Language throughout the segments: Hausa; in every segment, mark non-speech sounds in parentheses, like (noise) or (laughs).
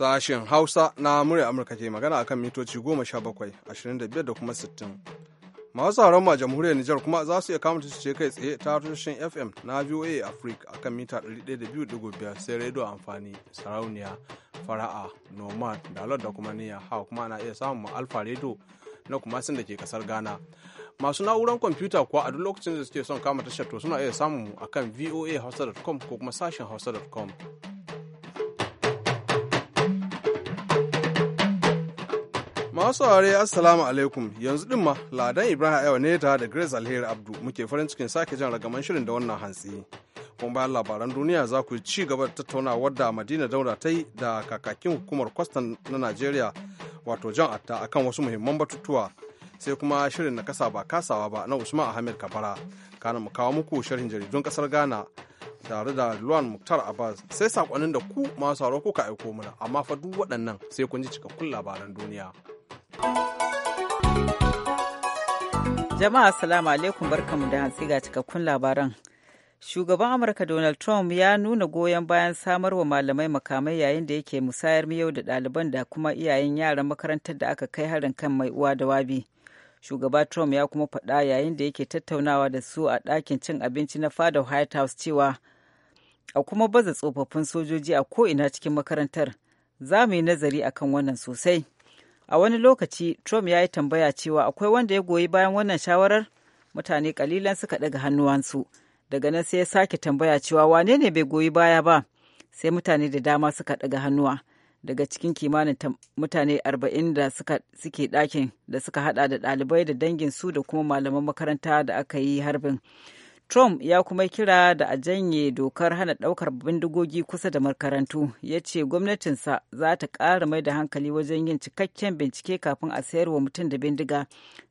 Sashen Hausa na murya Amurka ke magana akan mitoci goma sha bakwai ashirin da kuma 60. Masu sauran ma jamhuriyar Nijar kuma za su iya kama ce kai tsaye ta tushen FM na VOA Africa akan mita 102.5 sai rediyo amfani sarauniya fara'a nomad dalot da kuma niyya hawa kuma ana iya samun alfa radio na kuma sun da ke kasar Ghana. Masu na'urar kwamfuta kuwa a duk lokacin da suke son kama tashar to suna iya samun mu akan hausa.com ko kuma sashen hausa.com. Masu aure Assalamu alaikum yanzu din ma Ladan Ibrahim Ayo ne da Grace Alheri Abdu muke farin cikin sake jan ragaman shirin da wannan hantsi. Kuma bayan labaran duniya za ku ci gaba da tattaunawar da Madina Daura ta yi da kakakin hukumar kwastan na Najeriya wato jan Atta akan wasu muhimman batutuwa sai kuma shirin na kasa ba kasawa ba na Usman Ahmed Kabara. Kana mu kawo muku sharhin jaridun kasar Ghana tare da Luan Muktar Abbas sai sakonnin da ku masu sauraro kuka aiko mana amma fa duk waɗannan sai kun ji cikakkun labaran duniya. Jama'a Assalamu alaikum barkamu da hantsi ga cikakkun labaran. Shugaban Amurka Donald Trump ya nuna goyon bayan samarwa malamai makamai yayin da yake musayar miyau da ɗaliban da kuma iyayen yaran makarantar da aka kai harin kan mai uwa da wabi. Shugaba Trump ya kuma faɗa yayin da yake tattaunawa da su a ɗakin cin abinci na fada White House cewa a kuma baza tsofaffin sojoji a ko'ina cikin makarantar. Za mu yi nazari akan wannan sosai. a wani lokaci trump ya yi tambaya cewa akwai wanda ya goyi bayan wannan shawarar mutane kalilan suka daga hannuwansu daga nan sai ya sake tambaya cewa wane ne bai goyi baya ba sai mutane da dama suka daga hannuwa daga cikin kimanin mutane arba'in da suke ɗakin da suka hada da ɗalibai da dangin su da kuma malaman makaranta da aka yi harbin. Trump ya kuma kira da a janye dokar hana ɗaukar bindigogi kusa da makarantu, ya ce gwamnatinsa za ta ƙara mai da hankali wajen yin cikakken bincike kafin a sayar wa mutum da bindiga,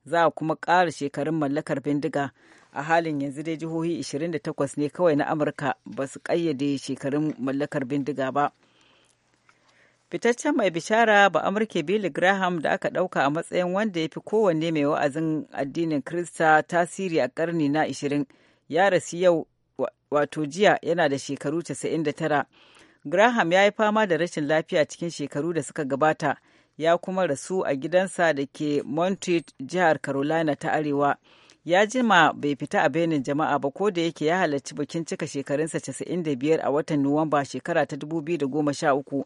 za a kuma ƙara shekarun mallakar bindiga. A halin yanzu dai jihohi 28 ne kawai na Amurka ba su ƙayyade shekarun mallakar bindiga ba. Fitaccen mai bishara ba Amurke Billy Graham da aka ɗauka a matsayin wanda ya fi kowanne mai wa'azin addinin Kirista tasiri a ƙarni na 20. ya rasu yau wato jiya yana da shekaru 99. Graham ya yi fama da rashin lafiya cikin shekaru da suka gabata, ya kuma rasu a gidansa da ke Montreat, jihar Carolina ta Arewa. Ya jima bai fita a benin jama'a ba ko da yake ya halarci bikin cika shekarunsa 95 a watan Nuwamba shekara ta 2013.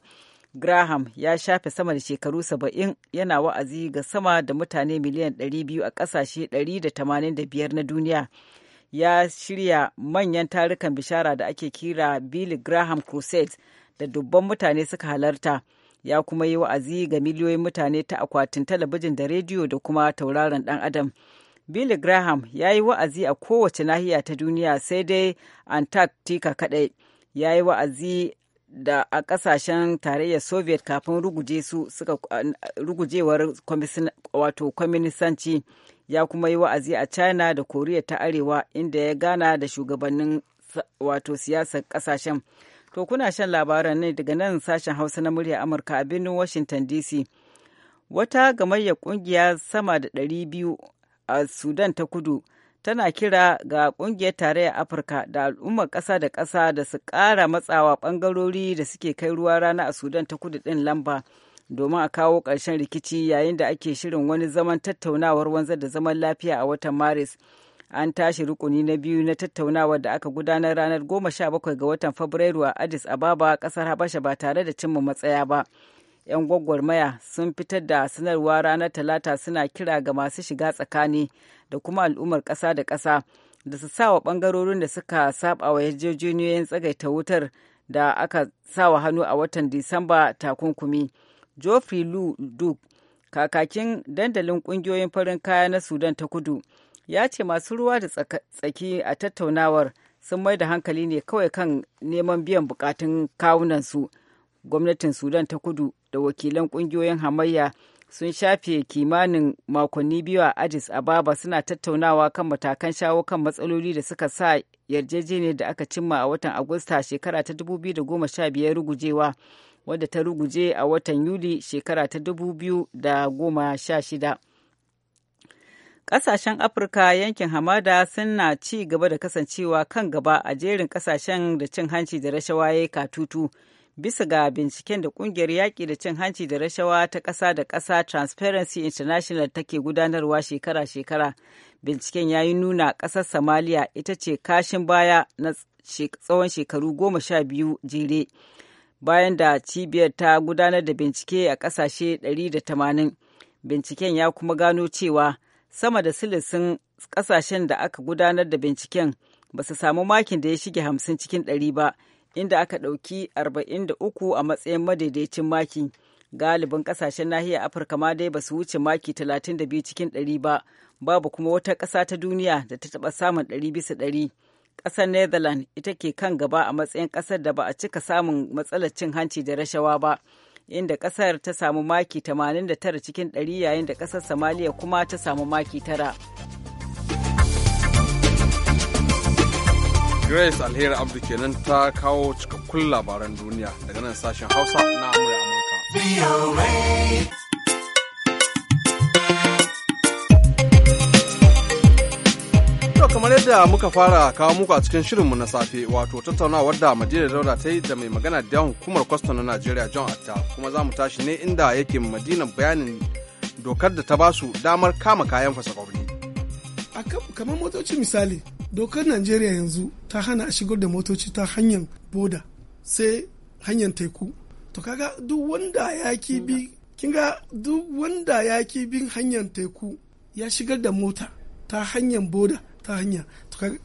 Graham ya shafe sama da shekaru 70 yana wa'azi ga sama da mutane miliyan 200 a ƙasashe 185 na duniya. ya shirya manyan tarukan bishara da ake kira Billy Graham Crusade da dubban mutane suka halarta. Ya kuma yi wa'azi ga miliyoyin mutane ta akwatin talabijin da rediyo da kuma tauraron ɗan adam. Billy Graham ya yi wa'azi a kowace nahiya ta duniya sai dai Antarctica kaɗai. Ya yi wa'azi da a kasashen tarayyar soviet kafin ruguje su suka rugujewar wato kwaminisanci ya kuma yi wa'azi a china da koriya ta arewa inda ya gana da shugabannin wato siyasar kasashen to kuna shan labaran ne daga nan sashen hausa na murya amurka a birnin washington dc wata gamayyar kungiya sama da ɗari biyu a sudan ta kudu tana kira ga kungiyar tarayyar afirka da al'ummar ƙasa da ƙasa da su ƙara matsawa ɓangarori da suke kai ruwa rana a sudan ta kudu ɗin lamba domin a kawo ƙarshen rikici yayin da ake shirin wani zaman tattaunawar wanzar da zaman lafiya a watan maris an tashi rukuni na biyu na tattaunawar da aka gudanar ranar 17 ga watan fabrairu a addis ababa kasar habasha ba tare da cimma matsaya ba yan gwagwarmaya sun fitar da sanarwa ranar talata suna kira ga masu shiga tsakani da kuma al'ummar ƙasa da ƙasa da su sawa ɓangarorin da suka saba wa yarjejeniyoyin tsagaita wutar da aka sawa hannu a watan disamba takunkumi geoffrey lu duk kakakin dandalin kungiyoyin farin kaya na sudan ta kudu ya ce masu ruwa da tsaki a tattaunawar sun mai da hankali ne kawai kan neman biyan bukatun kawunansu gwamnatin sudan ta kudu da wakilan kungiyoyin hamayya sun shafe kimanin makonni biyu a addis ababa suna tattaunawa kan matakan shawo kan matsaloli da suka sa yarjejeniyar da aka cimma a watan agusta shekara ta 2015 rugujewa wadda ta ruguje a watan Yuli shekara ta dubu biyu da goma sha shida. Ƙasashen Afirka yankin hamada suna ci gaba da kasancewa kan gaba a jerin ƙasashen da cin hanci da rashawa ya katutu. Bisa ga binciken da ƙungiyar yaƙi da cin hanci da rashawa ta ƙasa da ƙasa Transparency International take gudanarwa shekara-shekara. Binciken ya yi nuna ƙasar Somalia ita ce kashin baya na tsawon shekaru goma sha biyu jere. bayan da cibiyar ta gudanar da bincike a ƙasashe 180 binciken ya kuma gano cewa sama da silisin kasashen da aka gudanar da binciken ba su samu makin da ya shige 50 cikin 100 ba inda aka ɗauki 43 a matsayin madaidaicin maki galibin ƙasashen nahiyar afirka ma dai ba su wuce maki 32 cikin 100 ba babu kuma wata ƙasa ta duniya da ta taba samun 100 bisa 100 ƙasar netherlands ita ke kan gaba a matsayin ƙasar da ba a cika samun matsalar cin hanci da rashawa ba inda ƙasar ta samu maki 89 cikin 100 yayin da ƙasar samaliya kuma ta samu maki tara. grace alheri abdu kenan ta kawo cikakkun labaran duniya daga nan sashen hausa na amurka kamar yadda muka fara kawo muku a cikin shirinmu na safe wato tattaunawa wadda madina daura ta yi da mai magana da hukumar kwastam na najeriya john atta kuma za mu tashi ne inda yake madina bayanin dokar da ta basu damar kama kayan fasakobi kamar motoci misali dokar najeriya yanzu ta hana shigar da motoci ta hanyar boda sai hanyar teku to kaga duk wanda ya ki bi kinga duk wanda ya bin hanyar teku ya shigar da mota ta hanyar boda ta hanya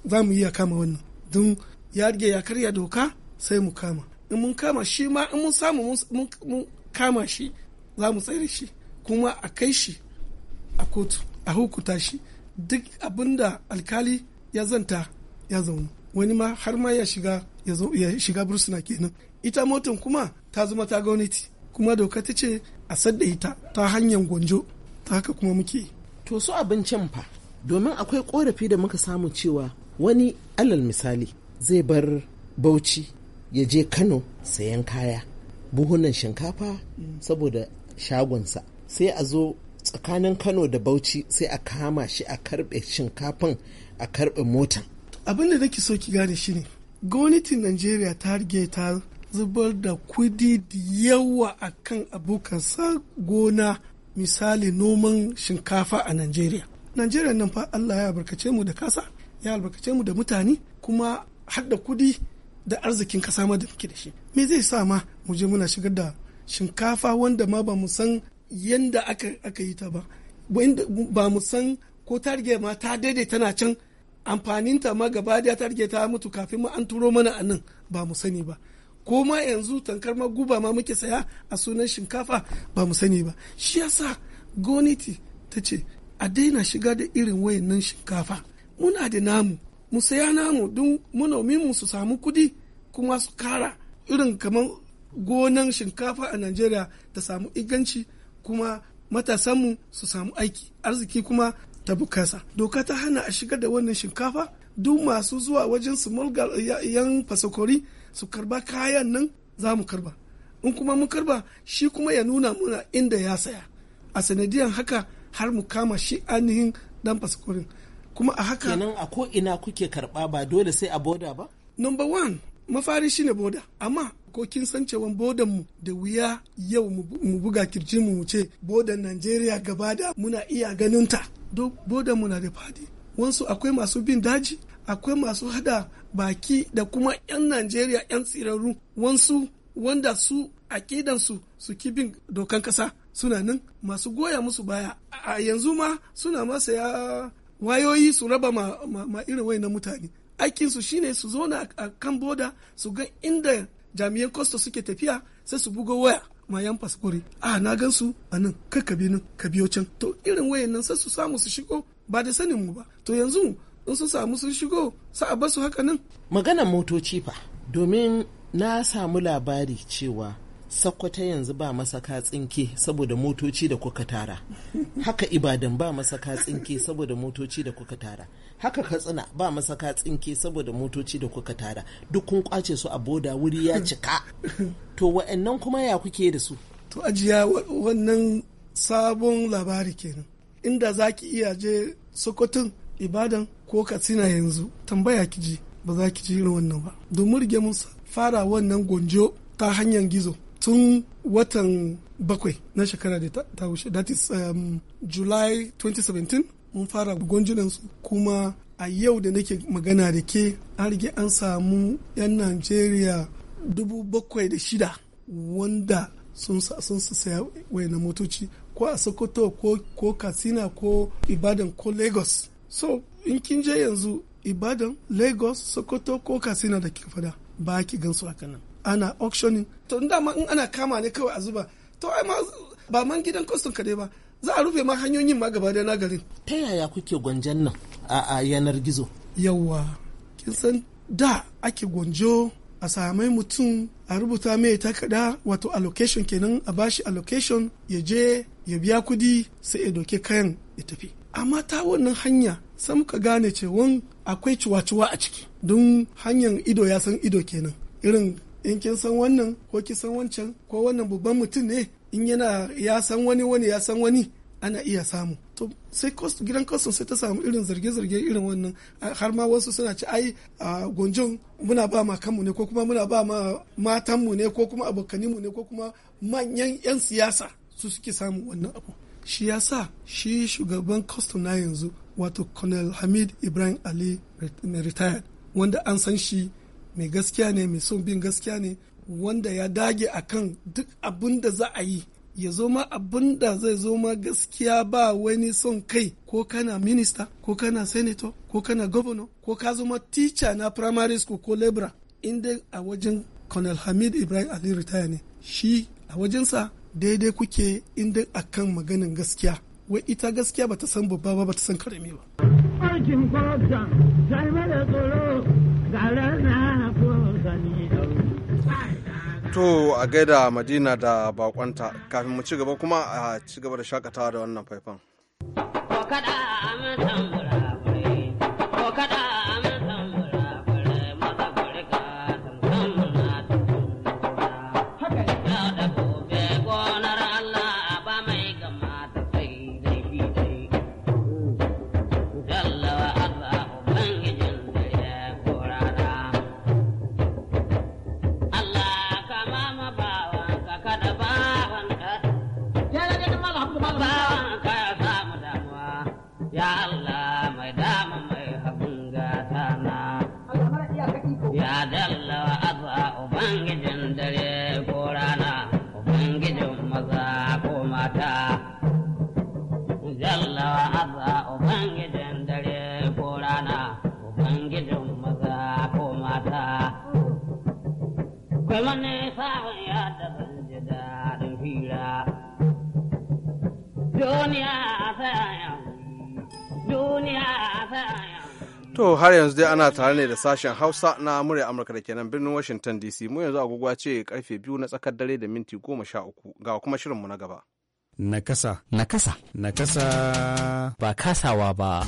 za mu iya kama wannan don ya rige ya karya doka sai mu kama in mun kama shi ma in mun samu mun kama shi za mu tsere shi kuma a kai shi a kotu a hukuta shi duk abin da alkali ya zanta ya zauna wani ma har ma ya shiga ya shiga bursuna kenan ita motan kuma ta zama ta gwamnati kuma doka ta ce a sadda ita ta hanyar gwanjo ta haka kuma muke to su abincin fa domin akwai korafi da muka samu cewa wani alal misali zai bar bauchi ya je kano sayan kaya buhunan shinkafa saboda shagonsa sai a zo tsakanin kano da bauchi sai a kama shi a karbe shinkafan a karbe motan abinda da nake so ki gane shine gwamnatin najeriya ta rige ta zubar da kudi da yawa akan abokansa gona misali noman shinkafa a najeriya najeriya nan fa allah ya albarkace mu da kasa ya albarkace mu da mutane kuma har da kudi da arzikin kasa ma da muke da shi me zai sa ma mu je muna shigar da shinkafa wanda ma ba mu san yanda aka, aka yi ta ba ba mu san ko targe ma ta daidai tana can amfaninta ma gaba da ta ta mutu kafin ma an turo mana a nan ba mu sani ba ko ma yanzu tankar ma guba ma muke saya a sunan shinkafa ba mu sani ba shi yasa goniti ta ce a daina shiga da irin wayannan shinkafa muna da namu mu saya namu don manomin mu su samu kudi kuma su kara irin kamar gonan shinkafa a najeriya ta samu inganci kuma matasanmu su samu aiki arziki kuma ta bukasa doka ta hana a shigar da wannan shinkafa duk masu zuwa wajen su yan fasakori su karba kayan nan za mu karba in kuma mu karba shi kuma ya nuna muna inda ya saya a sanadiyar haka har mu kama shi ainihin dan fasikorin kuma a haka kenan a ko ina kuke karba ba dole sai a boda ba number one mafari shine boda amma ko kin san cewa bodan mu da wuya yau mu buga kirjin mu ce bodan Najeriya gaba da muna iya ganin ta duk bodan mu na da fadi wasu akwai masu bin daji akwai masu hada baki da kuma 'yan Najeriya 'yan tsirarru wansu wanda su akidansu su ki bin dokan kasa suna nan masu goya musu baya a yanzu ma suna masa wayoyi su raba ma, irin wai na mutane aikinsu shine su na a kan boda su ga inda jami'an kosto suke tafiya sai su bugo waya ma yan fasfori a na gan su a nan kai ka nan ka biyo can to irin wayan nan sai su samu su shigo ba da sanin mu ba to yanzu in sun samu sun shigo sa a basu haka nan maganar motoci fa domin na samu labari cewa sakwata yanzu ba masaka tsinke saboda motoci da kuka tara haka ibadan ba masaka tsinke saboda motoci da kuka tara haka katsina ba masaka tsinke saboda motoci da kuka tara duk kun kwace su a boda wuri ya cika to wa'annan kuma ya kuke da su to ajiya wannan sabon labari kenan inda za ki iya je sokotun ibadan ko katsina yanzu tambaya ki ji ba za ki ji irin wannan ba domin rige mun fara wannan gonjo ta hanyar gizo tun watan bakwai na shekara da ta wuce that is um, july 2017 mun fara gwanjunansu kuma a yau da nake magana da ke an rige an samu 'yan najeriya dubu da shida wanda sun sun saya na motoci ko a sokoto ko katsina ko ibadan ko lagos so in kin je yanzu ibadan lagos sokoto ko katsina da ke fada ba ki gan su a nan ana auctioning to in dama in ana kama ne kawai a zuba to ai ma ba man gidan kwaston kaɗai ba za a rufe ma hanyoyin ma gaba da nagarin ta yaya kuke gwanjan nan a yanar gizo yawwa kin san da ake gwanjo a samai mutum a rubuta mai takada wato allocation kenan a bashi allocation ya je ya biya kudi sai ya doke kayan ya tafi amma ta wannan hanya sai muka gane cewan akwai ciwa-ciwa a ciki don hanyar ido ya san ido kenan irin in kin san wannan ko ki san wancan ko wannan babban mutum ne in yana ya san wani wani ya san wani ana iya samu to sai gidan kwastam sai ta samu irin zarge-zarge irin wannan har ma wasu suna ci ai a gonjon muna ba ma kanmu ne ko kuma muna ba ma matanmu ne ko kuma abokaninmu ne ko kuma manyan 'yan siyasa su suke samun wannan abu shi ya sa shi shugaban kwastam na yanzu wato colonel hamid ibrahim ali na retired wanda an san shi mai gaskiya ne mai son bin gaskiya ne wanda ya dage akan duk abin da za a yi ya zo ma abin da zai zo ma gaskiya ba wani son kai ko kana minista ko kana senator ko kana governor ko ka zama teacher na primary school ko labra inda a wajen colonel hamid ibrahim ali ritaya ne shi a wajensa daidai kuke inda a kan maganin gaskiya wai ita gaskiya ba ta san babba ba ta san karami ba To a gaida Madina da bakonta kafin mu ci gaba kuma a ci gaba da shakatawa da wannan faifan. Kada a To har yanzu dai ana tare ne da sashen Hausa na murya Amurka da kenan birnin Washington DC mu yanzu agogwa ce karfe biyu na tsakar dare da minti goma sha uku ga kuma shirinmu na gaba. Nakasa. Nakasa. Nakasa. Ba kasawa ba.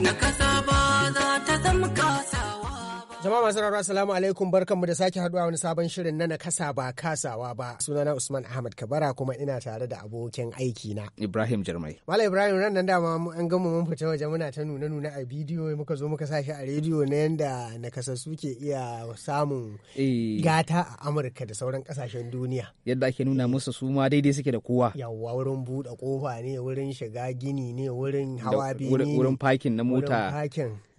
Nakasa ba. Jama'a masu rarwa salamu alaikum barkanmu da sake haduwa wani sabon shirin na nakasa ba kasawa ba. Sunana Usman Ahmad Kabara kuma ina tare da abokin aiki na. Ibrahim Jarmai. Mala Ibrahim ran nan dama an gama mun fita waje muna ta nuna nuna a bidiyo muka zo muka sashi a rediyo na yanda kasa ke iya samun eh. gata a Amurka da sauran kasashen duniya. Yadda ake nuna musu su ma daidai suke da kowa. Yawwa wurin buɗe kofa ne wurin shiga gini ne wurin hawa ne. Wurin fakin na mota.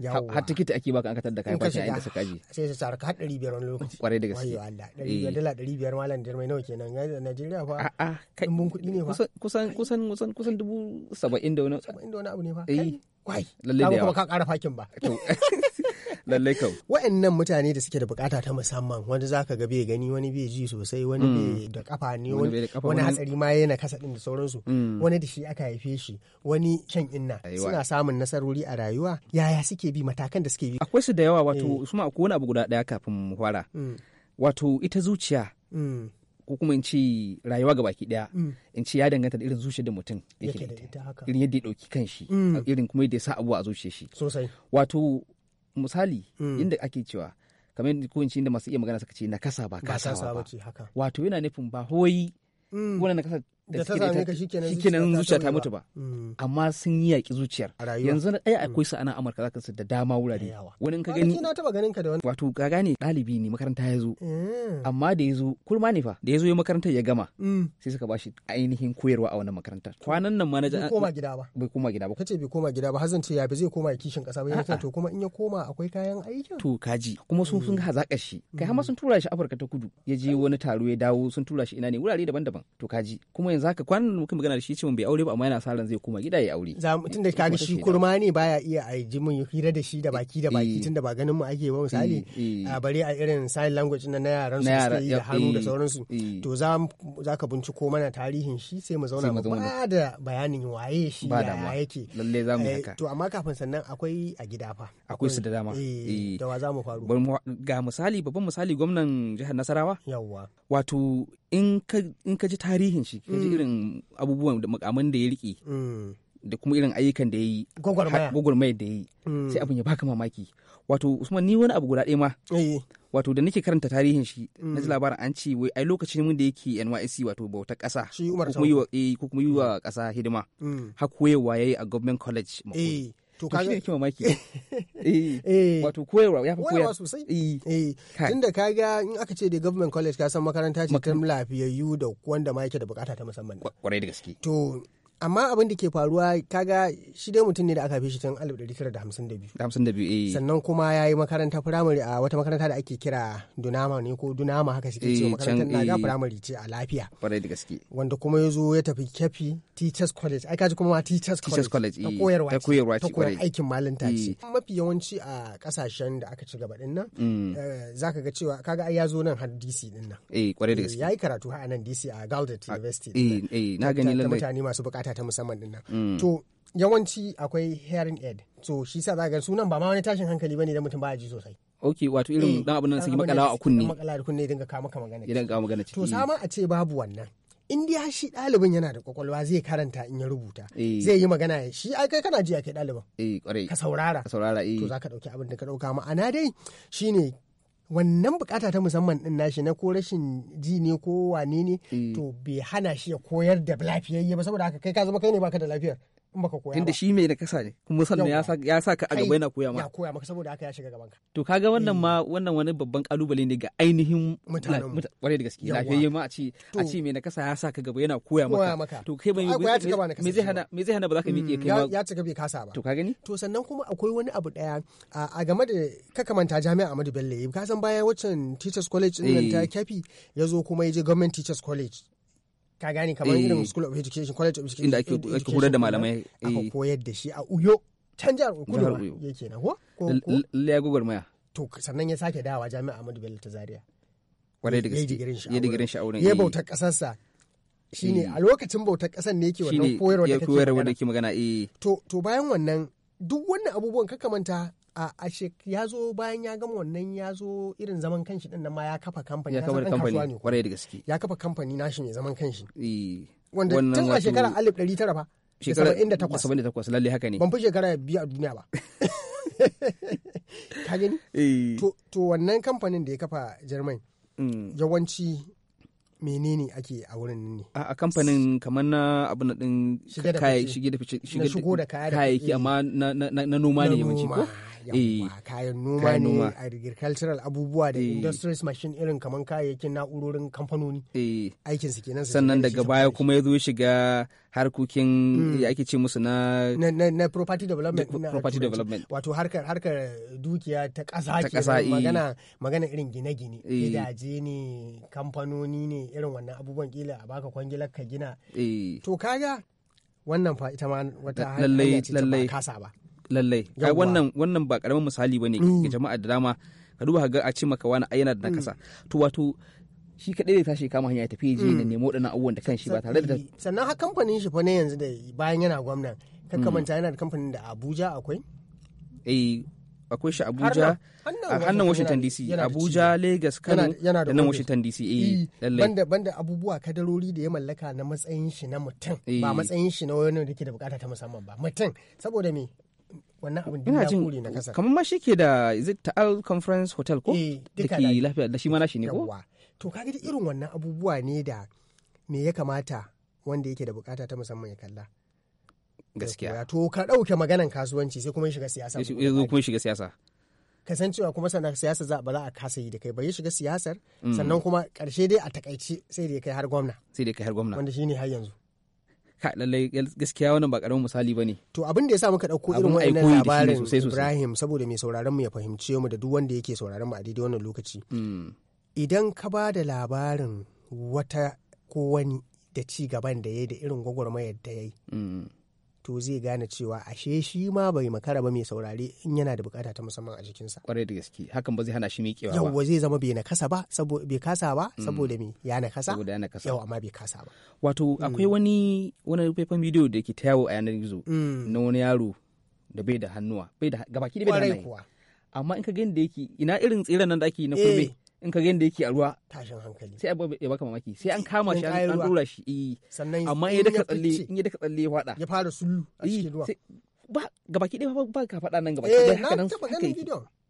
har tikiti ake baka an katar da kayan fashin a inda suka aje sai su tsara ka har ɗari biyar wani lokaci kwarai da gaske wayo Allah biyar eh. dala ɗari biyar malam da mai nawa kenan ga Najeriya fa a'a kai mun kuɗi ne fa kusan kusan kusan kusan dubu saba'in da wani saba'in da wani abu ne fa eh. kai kwai lalle da yawa kuma ka ƙara fakin ba (laughs) lallai kam (laughs) wa'annan mutane da suke da bukata ta musamman wanda zaka ga bai gani wani bai ji sosai wani mm. bai da kafa ne wani hatsari ma yana kasa din da sauransu mm. wani da shi aka haife shi wani shan inna suna samun nasarori a rayuwa yaya suke bi matakan da suke bi akwai su da yawa wato eh. ma akwai wani abu guda daya kafin mu fara mm. wato ita zuciya ko kuma in ce rayuwa ga baki daya in ce ya danganta da irin zuciya da mutum yake da ita irin yadda ya dauki kanshi irin kuma yadda ya sa abuwa a zuciya shi sosai wato misali hmm. inda ake cewa kamar ko in ce inda masu iya magana suka ce nakasa ba kasa ba wato yana nufin ba hoyi hmm. wannan kasa da ta same ka shikenan zuciya ta mutu ba mm. amma sun yi yaƙi zuciyar yanzu na ɗaya mm. akwai su ana Amurka zaka su da dama wurare wani ka gani na taba ganin ka da wani wato ka gane ɗalibi ne makaranta ya zo eh. amma da ya zo kurma ne fa da ya zo ya makarantar ya gama mm. sai suka bashi ainihin koyarwa a wannan makarantar kwanan nan ma na bai koma gida ba bai koma gida ba kace bai koma gida ba hazan ce ya bi zai koma kishin kasa ba yana to kuma in ya koma akwai kayan aikin to kaji kuma sun sun hazaka shi kai har ma sun tura shi Afirka ta Kudu ya je wani taro ya dawo sun tura shi ina ne wurare daban-daban to kaji kuma Za ka kwan muka magana da shi ce mun bai aure ba amma yana sa ran zai koma gida ya aure za mu tunda kaga shi kurma ne baya iya a ji mun hira da shi da baki da baki eh, tunda ba ganin mu ake ba misali eh, eh. a bari a irin sign language na yaran su suke yi da hannu da sauransu to za za ka binciko mana tarihin shi sai mu zauna mu ba da bayanin waye shi ya yake lalle za mu haka to amma kafin sannan akwai a gida fa akwai su da dama da wa za mu faru ga misali babban misali gwamnan jihar Nasarawa yawwa wato in ka ji tarihin shi ka ji mm. irin abubuwan da makaman da ya rike mm. da kuma irin ayyukan da ya yi gwagwarmayar da ya yi mm. sai abin ya baka mamaki wato usman ni wani abu guda ɗaya ma eh. wato da nake karanta tarihin shi na ji labarin an ce wai ai lokacin mun da yake NYSC wato bautar ƙasa eh, ko kuma yi wa ƙasa hidima har koyarwa yayi a government college to kaga ne kima maki (laughs) eh. eh wato koyarwa ya fi koyarwa sosai eh, eh. tunda kaga in aka ce da government college ka san makaranta ce ta lafiyayyu da wanda ma yake da bukata ta musamman kwarai da gaske to amma abin da ke faruwa kaga shi dai mutum ne da aka fi shi tun 1952 eh. sannan kuma ya yi makaranta firamare a wata makaranta da ake kira dunama ne ko dunama haka suke ce eh, makarantar na ga eh. firamare ce a lafiya wanda kuma ya zo ya tafi kyafi teachers college ai kaji kuma ma teachers college ta koyarwa ce ta koyar aikin malinta ce mafi yawanci a kasashen da aka ci gaba din nan mm. ka ga cewa kaga ai ya zo nan har DC din nan ya yi karatu a nan DC a Gallaudet University na gani lallai mutane masu bukata bukata ta musamman din nan mm. to yawanci akwai hearing aid so shi sa za ga sunan ba ma wani tashin hankali bane da mutum ba ji sosai ok wato irin eh, dan abin nan sai makalawa a kunne makalawa da kunne dinga kama kama magana idan kama magana to sama a ce babu wannan in dai shi ɗalibin yana da kwakwalwa zai karanta in ya rubuta eh. zai yi magana ya shi ai kai kana ji a kai kwarai. Eh, ka saurara ka saurara to za ka ɗauki abin da ka ɗauka ma'ana dai shine wannan bukata ta musamman din nashi na ko rashin ji ne ko wane ne eh. to bai hana shi ya koyar da lafiyayye ba saboda haka kai ka zama kai ne baka da lafiyar in koya tunda shi mai da kasa ne kuma sannan ya sa ka a gaba yana koya ma ya koya maka saboda haka ya shiga gaban ka to kaga wannan ma eh. wannan wani babban kalubale ne ga ainihin mutanen kwarai da gaske lafiyayye ma a ce a ce mai na kasa ya sa ka gaba yana koya maka to kai ba me zai hana me zai hana ba za ka miƙe mm, kai ma ya cika bai kasa ba to ka gani to sannan kuma akwai wani abu daya a game da kakamanta jami'a Ahmadu Bello ka san baya wancan Teachers College din ta eh. kafi ya zo kuma ya je Government Teachers College ka gane kamar eh. irin school of education college of education inda ake horar da malamai aka eh. koyar da shi a uyo can jihar ya yake na ko lalle ya gwagwarmaya to sannan ya sake dawa jami'a Ahmadu Bello ta Zaria Wale da gaske ya digirin shi a wurin ya eh. bautar kasarsa shine a lokacin bautar kasar ne yake wannan koyarwa da kake magana to to bayan wannan duk wannan abubuwan ka kamanta a ashe ya zo bayan ya gama wannan ya zo irin zaman kanshi din nan ma ya kafa kamfani ya kafa kamfani kwarai da gaske ya kafa kamfani nashi ne zaman kanshi eh, wanda tun a shekara 1900 ba shekara takwas, lalle haka ne ban fi shekara biyu a duniya ba (laughs) ka gani eh. to wannan kamfanin da ya kafa german mm. yawanci menene ake a wurin ne a kamfanin kamar na abu na din shige da fice shige da fice da kayayyaki amma na noma ne yawanci ko Eh, kayan noma ne agricultural abubuwa da eh. industries machine irin kamar kayayyakin na'urorin kamfanoni eh. aikin su kenan sannan daga baya kuma ya zo shiga harkokin ya hmm. ake ce musu na na property development property development wato harkar harkar dukiya ta ƙasa ke magana magana irin gine-gine gidaje ne kamfanoni ne irin wannan abubuwan kila a baka kwangilar ka gina to kaga wannan fa ita ma wata hanya ce ta kasa ba lallai kai wannan wannan ba karamin misali bane mm. ga jama'a da dama ka duba ga a ce maka wani ayyana da kasa mm. to wato shi kadai da tashi kama hanya tafi je da mm. nemo wadannan abubuwan da kanshi ba tare da sannan ha kamfanin shi fa ne yanzu da bayan yana gwamnan kamanta yana da kamfanin da Abuja akwai eh akwai shi Abuja a hannun Washington DC Abuja Lagos Kano da nan Washington DC eh, eh lalle banda banda abubuwa kadarori da ya mallaka na matsayin shi na mutum ba eh. matsayin shi na wani da ke da bukata ta musamman ba mutum saboda me wannan abin da ya na kasa kamar ma shi ke da is it ta'al conference hotel ko eh, da ke lafiya da shi ma nashi ne ko to kaga irin wannan abubuwa ne da me ya kamata wanda yake da bukata ta musamman ya kalla gaskiya to ka dauke maganan kasuwanci sai kuma shiga siyasa ya kuma shiga siyasa kasancewa kuma sannan siyasa za ba za a kasa yi da kai ba ya shiga siyasar mm. sannan kuma karshe dai a takaice sai da kai har gwamna sai da kai har gwamna wanda shine har yanzu ka lallai gaskiya wannan ba karamin misali bane to abin da ya sa muka dauko irin wannan labarin Ibrahim saboda mai sauraron mu ya fahimce mu da duk wanda yake sauraron mu a daidai wannan lokaci hmm. idan ka ba da labarin wata ko wani da ci gaban da ya da irin gwagwarmayar da ya yi hmm. to zai gane cewa ashe shi ma bai makara ba mai saurare in yana da bukata ta musamman a jikinsa kwarai da gaske hakan ba zai hana shi miƙewa ba yawwa zai zama bai na kasa ba saboda bai kasa ba mm. saboda me ya nakasa saboda ya kasa. Yau amma bai kasa ba wato mm. akwai wani wani faifan bidiyo da ke ta yawo a yanar gizo mm. na wani yaro da bai da hannuwa bai da gabaki da bai da hannuwa amma in ka gani da yake ina irin tseren nan da ake na kurbe eh. in ka ga yadda yake a ruwa tashin hankali sai abu ya baka mamaki sai an kama shi an rura shi eh amma in ya daka tsalle in ya daka tsalle ya fada ya fara sullu a eh, cikin ruwa ba gabaki ɗaya ba ka fada nan gabaki eh, ɗaya haka nan haka yake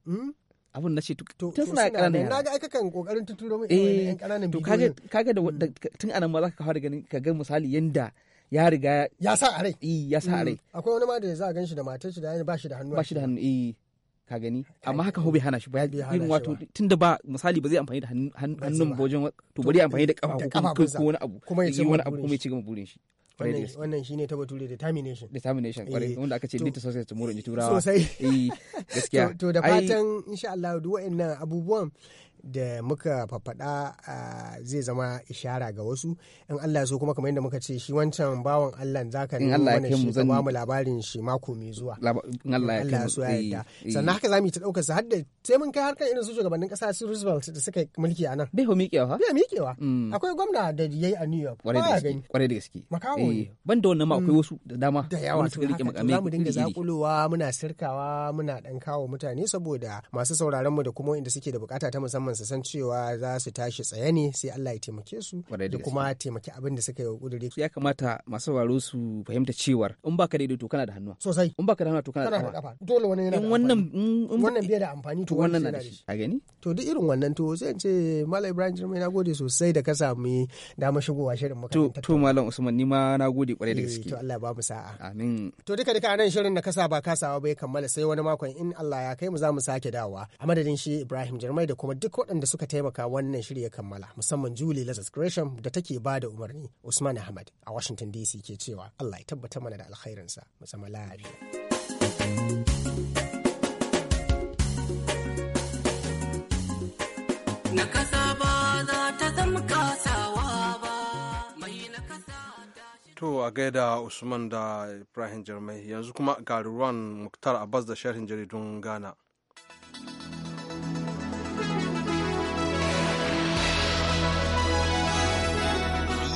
hmm? abun na ce tun suna ƙananan yara. Na ga aikakan kokarin tuturo mai eh, ƴan ƙananan bidiyoyin. To kaga hmm. da tun anan ma za ka fara ganin ka ga misali yanda ya riga ya sa a rai. Eh ya sa a hmm. rai. Akwai wani ma da za a gan shi da matar shi da ba shi da hannu. Ba shi da hannu eh. ka gani amma haka hobi hana shi ba yin wato tunda ba misali ba zai amfani da hannun bojan to bari amfani da kafa ko ko wani abu kuma ya wani abu kuma ya ci gama burin shi wannan shine ta bature determination determination kwarai eh, wanda aka ce need to success tomorrow in turawa sosai eh, gaskiya (laughs) to da fatan insha Allah duk waɗannan abubuwan da muka faɗa zai zama ishara ga wasu in Allah so kuma kamar yadda muka ce shi wancan bawan Allah za nuna shi ka ba mu labarin shi mako mai zuwa in Allah so ya eh, yarda eh. sannan haka zamu yi ta daukar sa Hadda sai mun kai harkar irin su shugabannin kasa su Roosevelt da suka mulki a nan bai ho mikewa ha bai mikewa mm. akwai gwamna da yayi a New York ba gani kwarai da gaske makawo ne eh, ban da wannan ma akwai mm. wasu da dama da yawa suka rike makamai zamu dinga zakulowa muna sirkawa muna dan kawo mutane saboda masu sauraron mu da kuma inda suke da bukata ta musamman musamman su san cewa za su tashi tsaye ne sai Allah ya taimake su da kuma taimaki abin da suka yi kudure ya kamata masu sauraro su fahimta cewar in baka daidai to kana da hannu sosai in baka da hannu to kana da kafa dole wani yana da wannan wannan bai da amfani to wannan na da shi a gani to duk irin wannan to sai in ce Malam Ibrahim Jirmai na gode sosai da ka sami dama shigowa shirin makarantar to Malam Usman ni ma na gode kwarai da eh, gaske to Allah ba mu sa'a amin to duka duka nan shirin da ka kasa ba kasawa bai kammala sai wani makon in Allah ya kai mu za mu sake dawowa a madadin shi Ibrahim Jirmai da kuma duk waɗanda suka taimaka wannan shirya kammala musamman Julie Lazarus Gresham da take ba da umarni Usman Ahmad a Washington DC ke cewa Allah ya tabbata mana da alkhairinsa mu zama lafiya. Na To a gaida Usman da Ibrahim Jarmai yanzu kuma ga Ruwan Muktar Abbas da sharhin jaridun Ghana.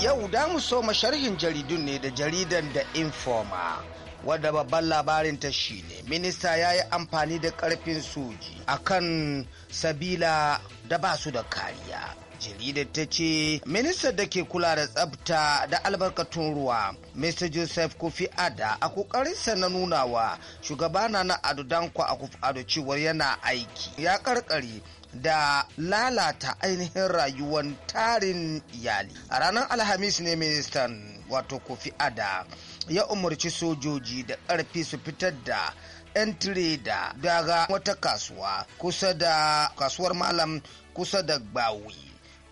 Yau da mu so sharhin jaridun ne da jaridan da Informa. wanda babban labarin ta shine minista ya yi amfani da karfin soji akan sabila da ba su da kariya. jaridar ta ce Minista da ke kula da tsabta da albarkatun ruwa mr joseph kofi ada a kokarinsa na nunawa shugaba na na ado a ado cewar yana aiki ya karkare da lalata ainihin rayuwar tarin iyali a ranar alhamis ne ministan wato kofi ada ya umarci sojoji da ƙarfi su fitar da 'yan tireda daga wata kasuwa kusa da kasuwar malam kusa da gbawi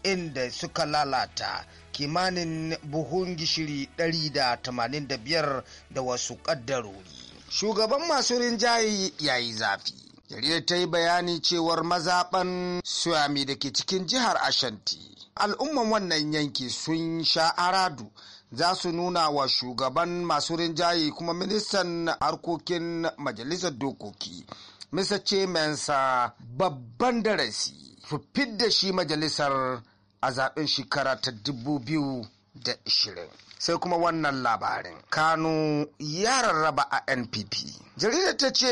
inda suka lalata kimanin buhun gishiri 185 da wasu ƙaddarori shugaban masu rinjaye yayi zafi Jaridar ta yi bayani cewar mazaɓan Suwami da ke cikin jihar Ashanti. Al'umman wannan yanki sun sha aradu za su nuna wa shugaban masu rinjaye kuma ministan harkokin majalisar dokoki. ce mensa babban darasi su fidda shi majalisar a zaɓen shekara ta dubu biyu da ishirin. Sai kuma wannan labarin. Kanu ya rarraba a NPP. Jaridar ta ce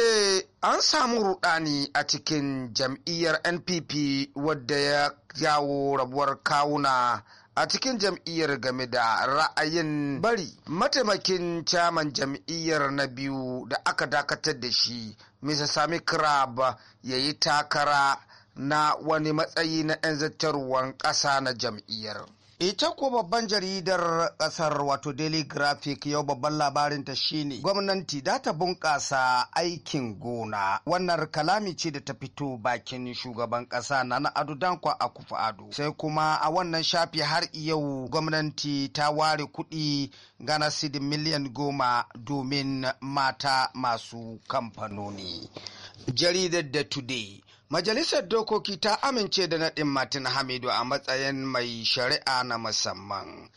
an samu rudani a cikin jam'iyyar NPP wadda ya jawo rabuwar kawuna a cikin jam'iyyar game da ra'ayin bari mataimakin caman jam'iyyar na biyu da aka dakatar da shi mr sami Krab ya yi takara na wani matsayi na 'yan zartarwar ƙasa na jam'iyyar Ita ko babban jaridar ƙasar wato Daily Graphic yau babban labarinta shine gwamnati da ta bunƙasa aikin gona. Wannan kalami ce da ta fito bakin shugaban ƙasa na na ado dankwa a kufa ado. Sai kuma a wannan shafi har yau gwamnati ta ware kuɗi gana sidin miliyan goma domin mata masu kamfanoni. Jaridar da Today Majalisar Dokoki ta amince da naɗin Martin Hamidu a matsayin mai shari'a na musamman.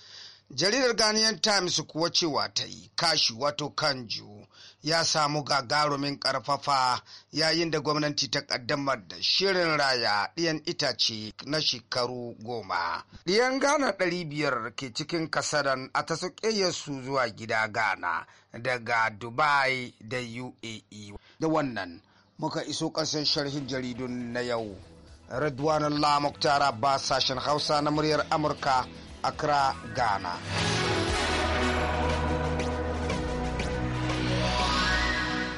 Jaridar Ghanaian Times kuwa cewa ta yi kashi wato kanju ya samu gagarumin ƙarfafa yayin da gwamnati ta ƙaddamar da shirin raya ɗiyan itace na shekaru goma. Ɗiyan Ghana ɗari biyar ke cikin kasaran a ta su zuwa gida Ghana daga Dubai da UAE da wannan. muka iso ƙarshen sharhin jaridun na yau Radwan Allah Muktar sashen Hausa na muryar Amurka Accra Ghana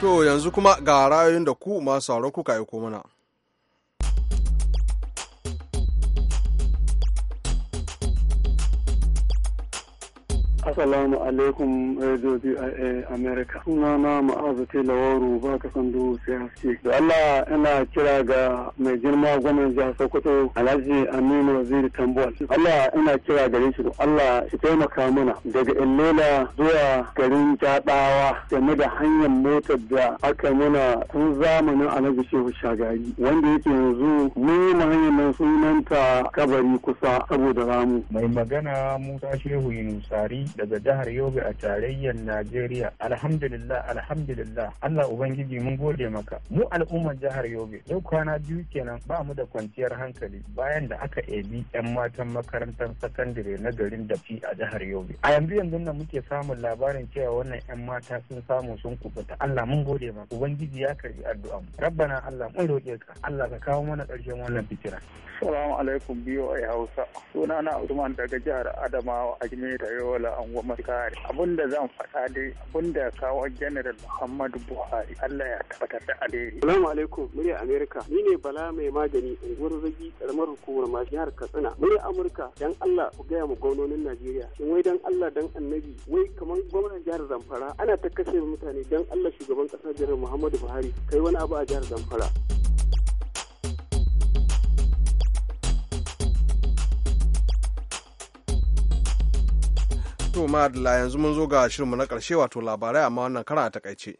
To yanzu kuma ga rayoyin da ku masu sauran kuka aiko mana. Assalamu alaikum Radio a America. Sunana Ma'azu Lawaru ba ka san du haske. Da Allah ina kira ga mai girma gwamnan jihar Sokoto Alhaji Aminu Waziri Tambuwal. Allah ina kira gare shi Allah shi taimaka mana daga Ilola zuwa garin Jadawa game da hanyar motar da aka mana tun zamanin Alhaji Shehu Shagari wanda yake yanzu nuna hanyar mai sunanta kabari kusa saboda ramu. Mai magana Musa Shehu Yunusari daga jihar Yobe a tarayyar Najeriya. Alhamdulillah, alhamdulillah. Allah Ubangiji mun gode maka. Mu al'ummar jihar Yobe yau kwana biyu kenan ba mu da kwanciyar hankali bayan da aka ebi 'yan matan makarantar sakandare na garin Dafi a jihar Yobe. A yanzu yanzu nan muke samun labarin cewa wannan 'yan mata sun samu sun kubuta. Allah mun gode maka. Ubangiji ya karbi addu'a mu. Rabbana Allah mun roƙe ka. Allah ka kawo mana ƙarshen wannan fitira. Assalamu alaikum biyo a Hausa. Sunana Usman daga jihar Adamawa a da Yola dawwamar kare abinda zan faɗa dai abinda kawo general muhammadu buhari allah ya tabbatar da alheri salamu alaikum murya amerika ni ne bala mai magani unguwar zagi karamar hukumar ma jihar katsina murya amurka dan allah ku gaya mu gwamnonin najeriya shin wai dan allah dan annabi wai kamar gwamnan jihar zamfara ana ta kashe mutane dan allah shugaban ƙasar jihar muhammadu buhari kai wani abu a jihar zamfara. To madalla yanzu mun zo ga shirinmu na ƙarshe wato labarai amma wannan kara a takaice.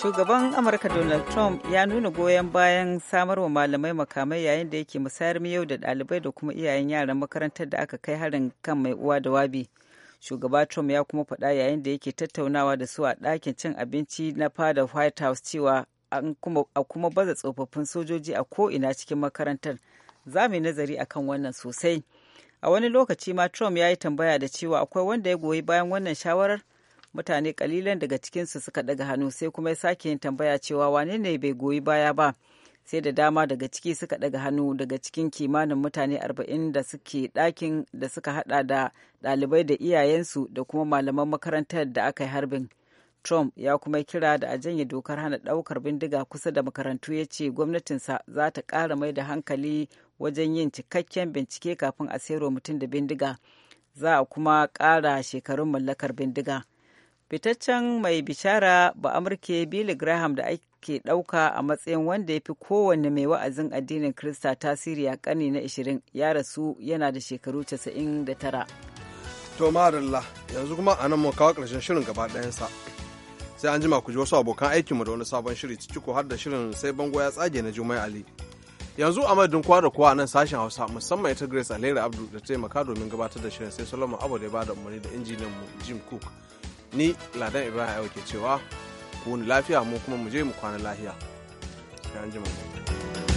Shugaban Amurka Donald Trump ya nuna goyon bayan samar wa malamai makamai yayin da yake musayar miyau da ɗalibai da kuma iyayen yaran makarantar da aka kai harin kan mai uwa da wabi. Shugaba Trump ya kuma faɗa yayin da yake tattaunawa da su a ɗakin cin abinci na fada White House cewa a kuma baza tsofaffin sojoji a ko ina cikin makarantar. za mu yi nazari akan wannan sosai a wani lokaci ma trump ya yi tambaya da cewa akwai wanda ya goyi bayan wannan shawarar mutane kalilan daga cikinsu suka daga hannu sai kuma ya sake yin tambaya cewa wane ne bai goyi baya ba sai da dama daga ciki suka daga hannu daga cikin kimanin mutane 40 da suke ɗakin da suka hada da ɗalibai da iyayensu da kuma malaman makarantar da aka yi harbin Trump ya kuma kira da a janye dokar hana ɗaukar bindiga kusa da makarantu ya ce gwamnatinsa za ta kara mai da hankali wajen yin cikakken bincike kafin a sayarwa mutum da bindiga. Za a kuma ƙara shekarun mallakar bindiga. Fitaccen mai bishara ba Amurke Billy Graham da ake ɗauka a matsayin wanda ya fi kowanne mai wa'azin addinin Krista tasiri a ƙarni na 20 ya rasu yana da shekaru 99. To madalla yanzu kuma a nan mu kawo ƙarshen shirin gaba ɗayansa. sai an jima ku ji wasu abokan mu da wani sabon shiri ciko har da shirin sai bango ya tsage na jumai Ali. Yanzu a madadin kowa da kowa nan sashen Hausa musamman ita Grace alera Abdu da taimaka domin gabatar da shirin sai Solomon Abu da ba da umarni da injiniyan mu Jim Cook. Ni Ladan Ibrahim Ayo ke cewa ku lafiya mu kuma mu je mu kwana lafiya. Sai an jima mu.